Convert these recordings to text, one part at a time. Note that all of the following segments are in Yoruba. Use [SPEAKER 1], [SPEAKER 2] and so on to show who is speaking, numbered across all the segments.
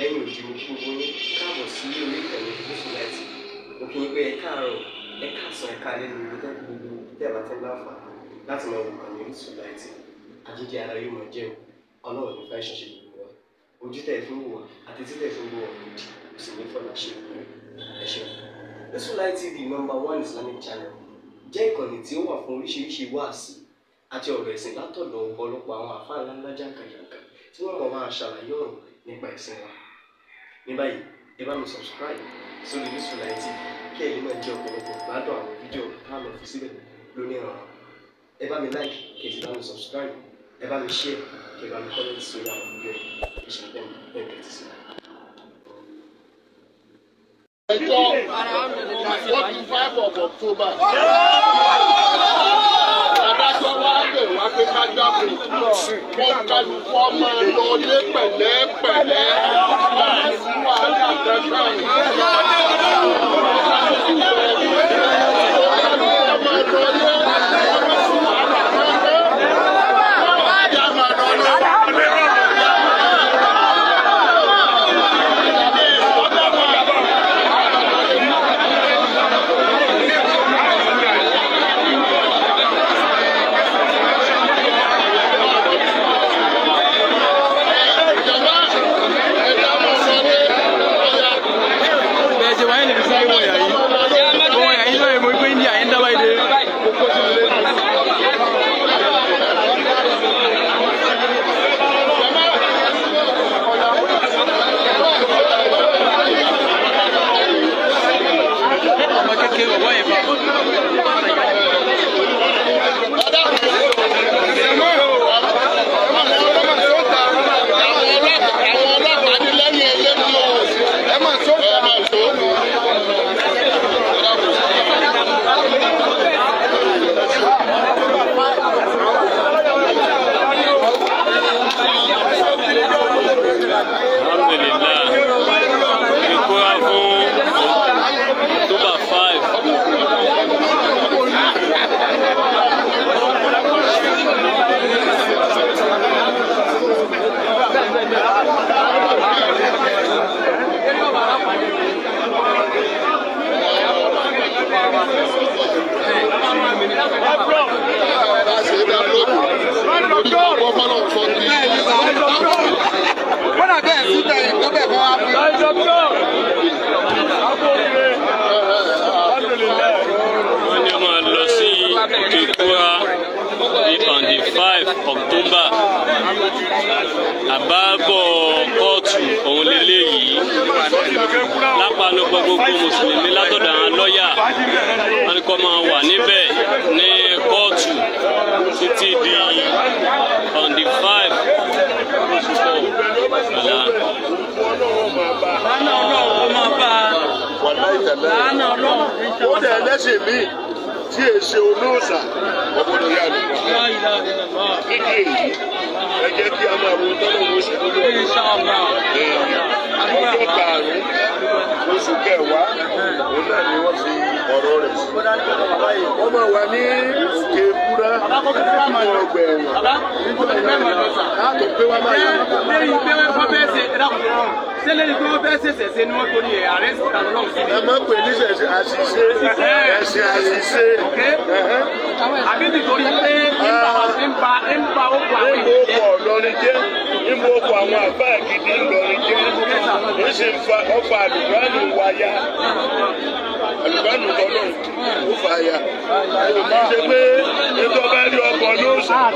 [SPEAKER 1] lẹ́yìn òdi òkú gbogbo yín káàbọ̀ sí ilé orí
[SPEAKER 2] ìtẹ̀wé Gúúsù láti òkè ń ẹ káàárọ̀ ẹ káàsán ẹ káàlẹ́ lórí ibi tẹ́lẹ̀ gbogbo tẹ́lẹ̀ bá tẹ́lẹ̀ láti máa wò kàn ní Orísun láti ara yóò máa jẹun ọlọ́run
[SPEAKER 1] ní fáṣọ ṣe gbogbo wa ojú tẹ̀ fún wa àti títẹ̀ fún wa òdì kò ní fọlá ṣe ẹ ṣeun. Orísun Live TV number one Islamic channel jẹ́ ìkànnì tí ó wà fún oríṣiríṣi wáàsí àti ọ̀rọ̀ ẹ̀sìn látọ̀dọ̀ ọ̀pọ̀lọpọ̀ àwọn àfáà ńláńlá jàǹkàjàǹkà
[SPEAKER 2] tí wọ́n mọ̀ máa ṣàlàyé ọ̀rọ̀ nípa ẹ̀sìn wa ní báyìí ẹ bá mi subscribe sórí Yusuf9 TV kí ẹ̀yin máa jẹ ọ̀pọ̀lọpọ̀ gbádùn àwọn fídíò tá a síbẹ̀ lónìí ọ̀ràn ẹ bá mi like kí ẹ sì bá mi subscribe ẹ bá mi share kí ẹ bá mi comment sórí àwọn fídíò ìṣẹ̀lẹ̀ bẹ́ẹ̀ bẹ́ẹ̀ ti sọ. ẹjọ́ forty five of October ká dákun kó kálukú ọmọ lọ lé pẹ̀lẹ́pẹ̀lẹ́ láì fún wàhálà kankan. 5 October àbábọ̀ kóòtù òun lélẹ́yìí lápánupọ̀ gbogbo mùsùlùmí látọ̀dọ̀ àwọn lọ́ọ̀yà wọn kọ́ máa wà níbẹ̀ ní kóòtù títí di on the five lánàá ọlọ́run ó máa bá a lánàá ọlọ́run ó dẹ̀ ẹlẹ́sìn míì tí è ṣe olóòṣà ọgbọ́dọ̀ yá lò wá. kíkì èyí ẹ jẹ́ kí a máa wo tọ́lọ̀ wo ṣe lórí ọ̀rọ̀ ọjọ́ karùn-ún oṣù kẹwàá òun náà ni wọ́n fi ọ̀rọ̀ rẹ̀ sí. wọ́n máa wà ní òkè kúrá nínú ọgbà ẹ̀wọ̀n nígbà náà láti pé wọ́n máa yọ
[SPEAKER 1] ṣé lẹ́ni tí wọ́n fẹ́ ṣẹ̀ṣẹ̀ ṣe ni wọ́n torí ẹ̀ àrẹ́sì ìtàlọ́lọ́ sí ni. ẹ má pè ní ṣẹ̀ṣẹ̀
[SPEAKER 2] àṣìṣe ẹ̀ṣẹ̀ àṣìṣe. àbí nítorí pé ń ba ah. ń ba ó pa àwọn èèyàn jẹ́. ń bo ọkọ̀ lọ́rin jẹ́ ń bo ọkọ̀ àwọn àbá ìgidi lọ́rin jẹ́ ń ṣe ọkọ̀ àlùbáàlù wáyà àlùbáàlù tọ́lọ̀ ó fà yà. ṣe pé ètò ọba rí ọkọ̀ lóṣù ah,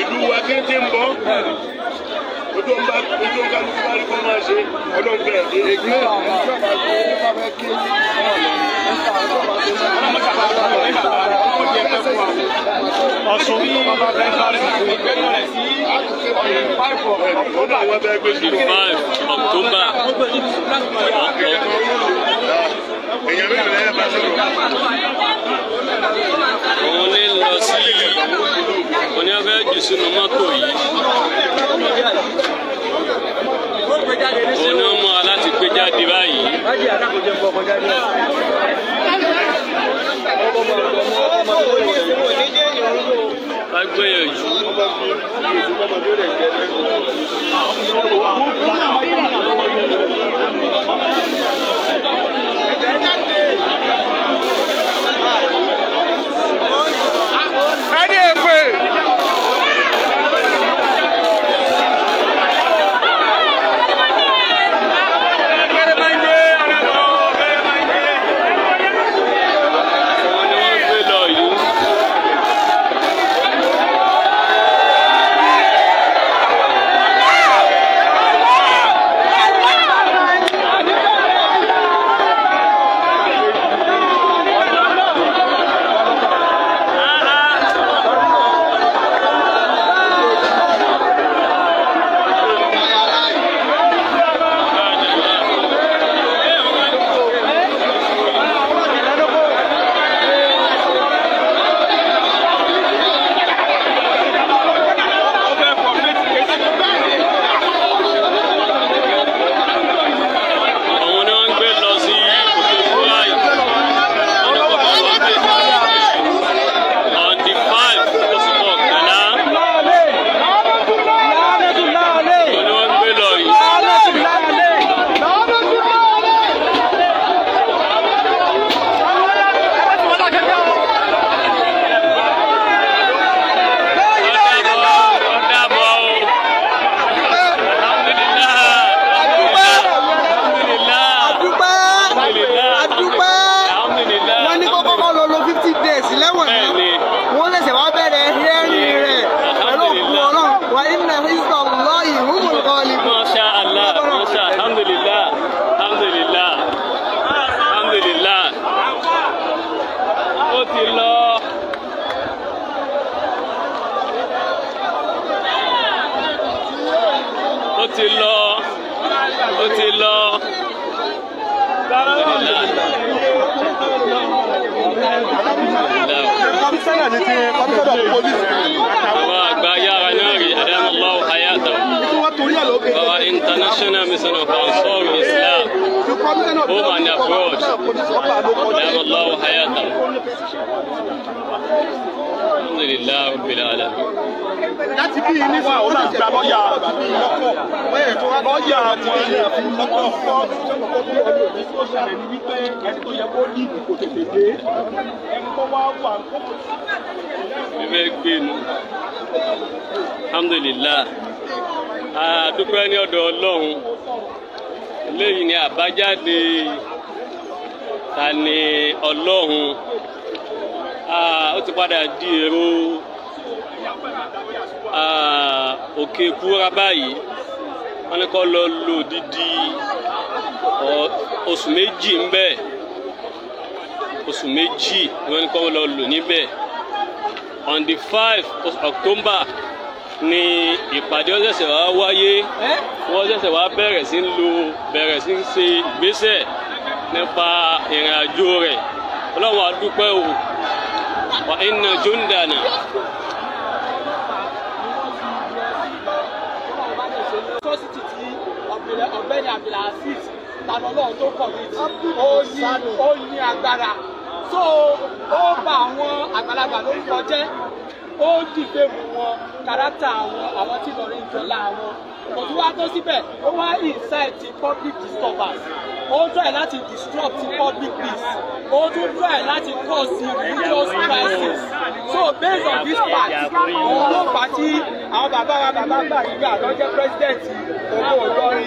[SPEAKER 2] ìlú wa kéńté ń bọ́ ojú ọba ojú ọba ló bá rí kọ́ máa ṣe ọlọ́run bẹ̀rẹ̀ dé. ègbé ọ̀gá ìjọba tó ń bá fẹ́ kí ọ̀sùn bí ẹ̀ka rẹ̀ kò gbé mọ́lẹ̀ sí five of them. ọ̀dọ̀ àwọn ẹgbẹ́ gbé sí five October ọ̀pọ̀. èèyàn mélòó lẹ́yìn bá sọ̀rọ̀ òun ní lọ sí òní ọfẹ jù sínú mọ́tò yìí
[SPEAKER 1] òun ní ọmọ aláti gbé jáde báyìí. lágbẹ̀yẹ̀jú. E
[SPEAKER 2] Thank you.
[SPEAKER 1] ẹni tí kọ́mísọ́dọ̀ pólísì.
[SPEAKER 2] àwọn àgbà yára náà rí adamu lọ́wọ́ hayata. baba international mission of ansor islam
[SPEAKER 1] home and abroad
[SPEAKER 2] adamu lọ́wọ́ hayata. alhamdulilayi rabbil alamin. láti bí ní wà ó náà gba lọ́ọ̀yà lọ́kọ̀ lọ́ọ̀yà wọn
[SPEAKER 1] lọ́kọ̀ fẹ́ẹ́ gbé nu alhamdulilah àdúpẹ́ ní ọ̀dọ̀ ọlọ́run eléyìí ni àbájáde ta ni ọlọ́run ó ti padà di èrò òkè kúra báyìí wọ́n ní kó lọ lò dídí oṣù méjì ńbẹ̀ oṣù méjì ni wọ́n ní kó lọ lò níbẹ̀ on the five of October ni ìpàdé ọ̀sẹ̀sẹ̀ wa wáyé wọ́n ṣẹ̀ṣẹ̀ wá bẹ̀rẹ̀ sí ń lo bẹ̀rẹ̀ sí ń ṣe ìgbésẹ̀ nípa ìrìn àjò rẹ̀ ọlọ́run a dúpẹ́ o wà á iná jóńdàna. ọ̀gbẹ́ni abdulhasis tàbí ọlọ́run tó kọ̀ mí tí ó ní agbára so ó bà àwọn àgbàlagbà lórúkọ jẹ́ ó dìde mú wọn kárátà àwọn àwọn tí lọ́ọ́rẹ́ ń jọlá wọn kò tún wá tó síbẹ̀ ó wá incite public disturbance ó try láti disrupt public peace ó tún try láti cause religious crisis so based on this part òun ló fà á tí àwọn bàbá wa bàbá gbà yìí gbà tó jẹ́ president owó olórin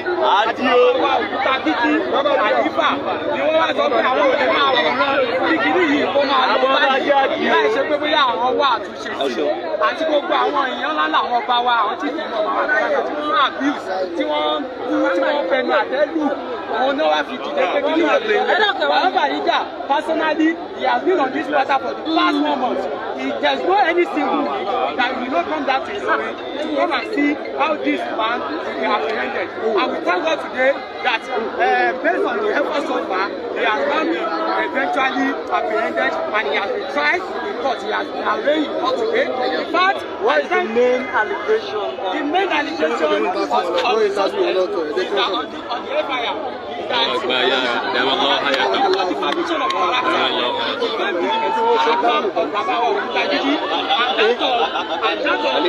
[SPEAKER 1] àti gbogbo àwọn èèyàn ńlá làwọn bá wa àwọn tí kì í mọ̀ àwọn àgbàlagbà tí wọ́n máa bí tí wọ́n bú tí wọ́n fẹnu àtẹ́lù òun náà wá fi dìde pé kí ni ẹlẹ́kọ̀ọ́ wọn bá yí jà personally he has been on this matter for the past one month he there no any single that we no come that way to come and see how this man dey apprehended and we thank God today say that uh, based on the effort so far, he has not been eventually apprehended and he has been tried in court. He has been arraigned in court today. In fact, what is the main allegation? The main allegation of the suspect is that on the FIR, is that permission of character. And that of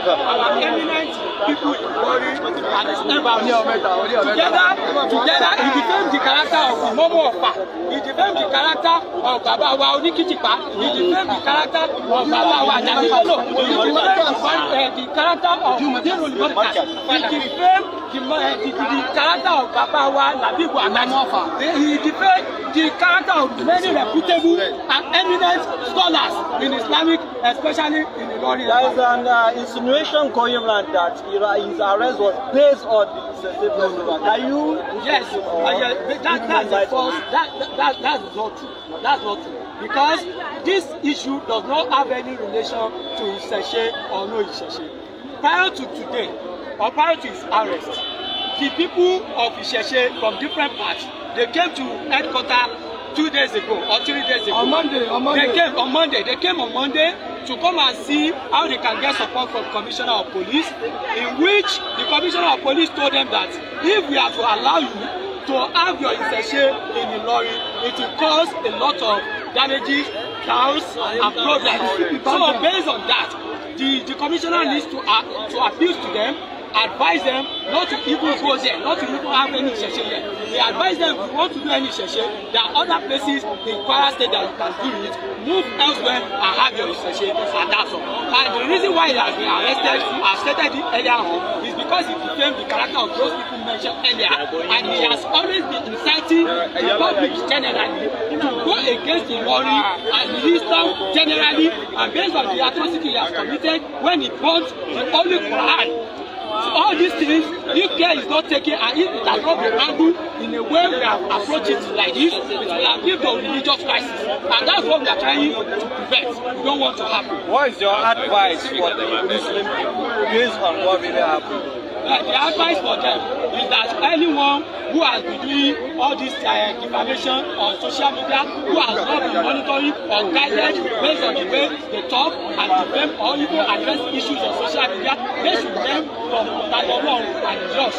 [SPEAKER 1] our eminent people in
[SPEAKER 2] Warri and his neighbors. Together, together, he defends the character
[SPEAKER 1] of Momo Ofa. He defends the character of Baba wa Onikitipa. He defends the character of Baba wa Jadikolo. He defends the character of Dero Libertas. He defends the the, the, the character of Baba wa Labibu Agbamofa. He defends the character of many reputable and eminent scholars in Islamic, especially in the Lori. There is an uh, insinuation going around that his arrest was based on the sensitive Are you? Yes, uh, that, that's false. That, that, that, that's not true. That's not true. Because this issue does not have any relation to Iseshe or no Iseshe. Prior to today, or Paroti's arrest, the people of Isheshe from different parts, they came to headquarters two days ago or three days ago. On Monday, on Monday. They came on Monday. They came on Monday to come and see how they can get support from Commissioner of Police, in which the Commissioner of Police told them that if we are to allow you to have your insertion in the lorry, it will cause a lot of damages chaos and problems so based on that the the commissioner needs to uh, to appeal to them advise them not to even go there, not to even have any ìṣẹ̀ṣe there. We advise them if you want to do any ìṣẹ̀ṣe, there are other places in Kwara State that you can do it. Move elsewhere and have your ìṣẹ̀ṣe and that's all. And the reason why he has been arrested, as stated earlier on, is because he became the character of those people mentioned earlier and he has always been inciting the public generally to go against the worry and the Islam generally and based on the atrocity he has committed when he burnt the Holy Quran all these things if care is not taken and if it has not been handled in a way we have approached it like this it will have give the religious crisis and that's what we are trying to prevent we don't want to happen. what is your advice for the muslim based on what really happened the advice for them is that anyone who has been doing all this uh, defamation on social media who has not been monitoring or guided based on the way they talk and defame or even address issues on social media they should learn from Ọlọ́run and yours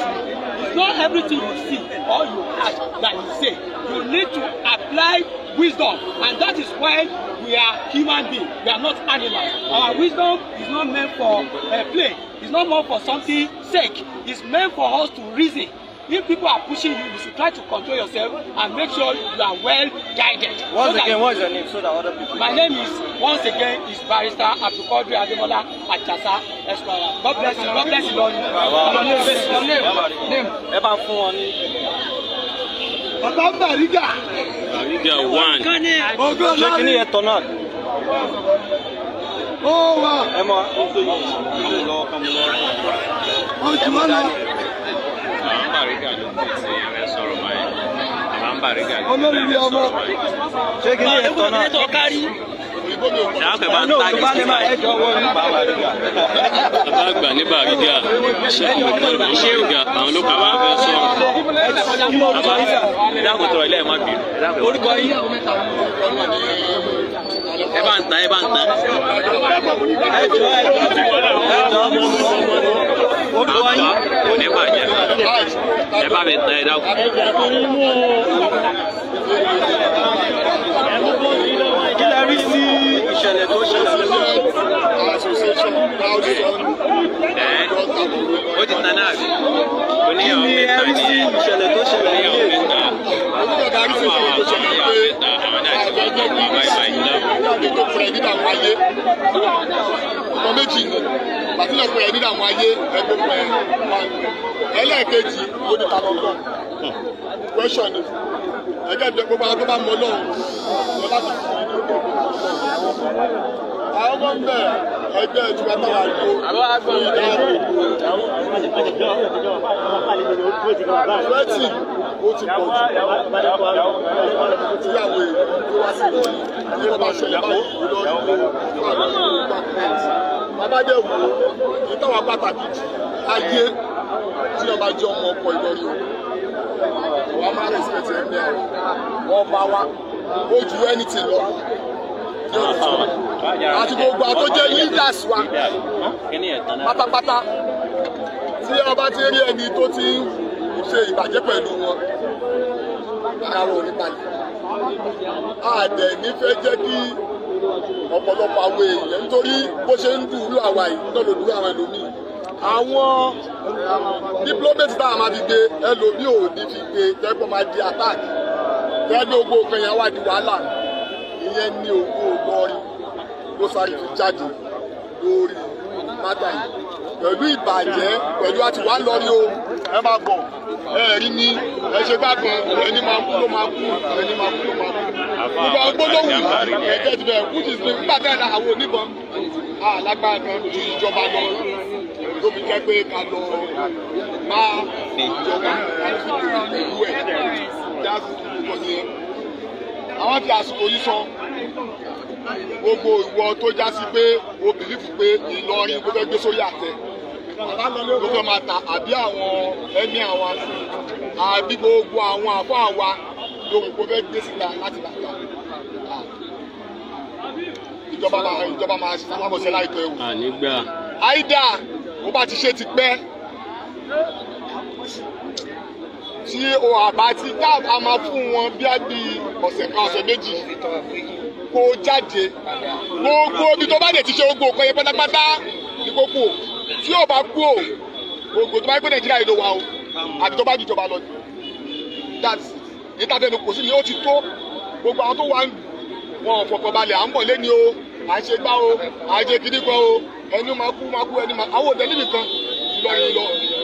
[SPEAKER 1] it's not everything you see or you catch that you say you need to apply wisdom and that is why we are human beings we are not animals our wisdom is not meant for uh, play It's not more for something sake. It's meant for us to reason. If people are pushing you, you should try to control yourself and make sure you are well guided. Once so again, what is your name so that other people? My name is once again is Barrister Abdulkadir Ademola Ajasa Esquire. God bless you. God bless you, Lord. Your name. Name. Ẹ bá fún wọn ní.
[SPEAKER 2] Bàbá Bàrígà.
[SPEAKER 1] Bàrígà one. Ṣé kí ni ẹ tọ́ náà? ó wà. ẹ mọ ojú yìí lọ ọkọ mi lọ. ó ti wá lọ. àwọn bàrígà ló ń tẹ̀sí ẹ̀rẹ́ sọ̀rọ̀ báyìí. àwọn bàrígà ló ń tẹ̀sí ẹ̀rẹ́ sọ̀rọ̀ báyìí. ṣé kí ni ẹ̀tọ́ náà.
[SPEAKER 2] Ṣàpẹ̀ máa ń tági sí báyìí.
[SPEAKER 1] Bàbá ẹ bá ń tán ẹ bá ń tán. ẹ jọ ẹ jọ ọmọ ọmọ ọmọ ọmọ kò ní bàjẹ́ ẹ bá mi tán ẹ dákun.
[SPEAKER 2] kí lè rí sí i ìṣẹ̀lẹ̀ tó ṣẹlẹ̀ lọ́sọ̀rọ̀. ó ti tán náà rí
[SPEAKER 1] oníyàwó mẹ́ta nìyẹn ìṣẹ̀lẹ̀ tó ṣẹlẹ̀ oníyàwó mẹ́ta oníyàwó mẹ́ta àwọn náà ti wọ́n gbọ́ bàbá ìbá ìdá.
[SPEAKER 2] ọmọ méjì ni bàtílẹ̀ pẹ̀lú nínú àwọn ayé ẹgbẹ́ pẹ̀lú ẹlẹ́ẹ̀kejì ó ní ta lọ́gbọ́n question ni ẹgbẹ́ ìjọba gbogbo àwọn tó bá mọ náà lọ láti fún un àwọn ọmọ ń bẹ̀ ẹgbẹ́ ìtura táwa kó ìdáàbò fẹ́tì ó ti pọ̀ jù tíyàwó tó wá sí ìwọ̀n ní bàbá ṣẹlẹ̀ báyìí lọ́ọ́ ìwọ̀n nípa pẹ́ẹ́tì bàbá dẹ̀ wò ó ìtawà pàtàkì jù ayé tí ọba jẹ́ ọmọ ọkọ̀ Ìlọrin o wàá má respect ẹ̀ bẹ́ẹ̀ ọba wa ó ju anything lọ àti gbogbo àtọ́jẹ́ leaders wa pátápátá tí ọba ti rí ẹni tó ti ń ṣe ìbàjẹ́ pẹ̀lú wọn ara wọn ní balẹ̀ àdẹ̀ nífẹ̀ẹ́ jẹ́ kí ọ̀pọ̀lọpọ̀ àwọn èèyàn nítorí bó ṣe ń dùúrú àwa yìí náà ló dúró àwọn ẹlòmíì àwọn diplomate tá a máa fi gbé ẹlòmíì ò ní fi gbé tẹ́gbọ́n máa di attack tẹ́gbọ́n gbogbo kan yẹn wá di wàhálà yẹn ní owó lọ́rí ló sáré fi jáde lórí mátà yìí pẹ̀lú ìbàjẹ́ pẹ̀lú àti wà lọ́rí o ẹ máa bọ̀ ẹ rí ni ẹ ṣe bá gan ẹni máa kú ló máa kú ẹni máa kú ló máa kú. gbogbo gbólóhùn ẹ̀jẹ̀ ti bẹ̀rẹ̀ kú ti sin nígbà àwọn oníbọn alágbára kan ju ìjọba lọ ló fi jẹ́ pé ká lọ bá ìjọba àti ìlú ẹ̀ dá sí ìkọ́ni ẹ̀. àwọn ti àsìkò yìí sọ gbogbo ìwọ tó já sí pé o bìlífù pé Ìlọrin kó fẹ́ gbé sórí àtẹ ló fẹ́ máa ta àbí àwọn ẹ̀mí àwa àbí gbogbo àwọn àfọ àwa lóhùn kó fẹ́ gbé síta láti là ta ìjọba máa ìjọba máa ṣe sábàbọ̀sẹ̀ láìpẹ́ o. ànígbà. àìdá ó bá ti ṣe ti pẹ́ tí o àbá ti dáàbà máa fún wọn bí a bí ọ̀sẹ̀ kan ọ̀sẹ̀ méjì kó jáde gbogbo ibi tó bá lè ti ṣe gbogbo nǹkan yẹn pátápátá ní kó tí yóò bá kú o gbogbo tó bá gbé nàìjíríà yìí ló wà o àti tó bá dìjọba lọ that's it ìtàtẹnu kò sí ni ó ti tó gbogbo àwọn tó wà ń wọn fọkànbalẹ̀ à ń bọ̀ lé ní o à ń ṣe gbá o à ń ṣe kíní
[SPEAKER 1] kan o ẹni máa kú máa kú ẹni máa àwọn òdẹ́lẹ́bì kan lọ́yìn lọ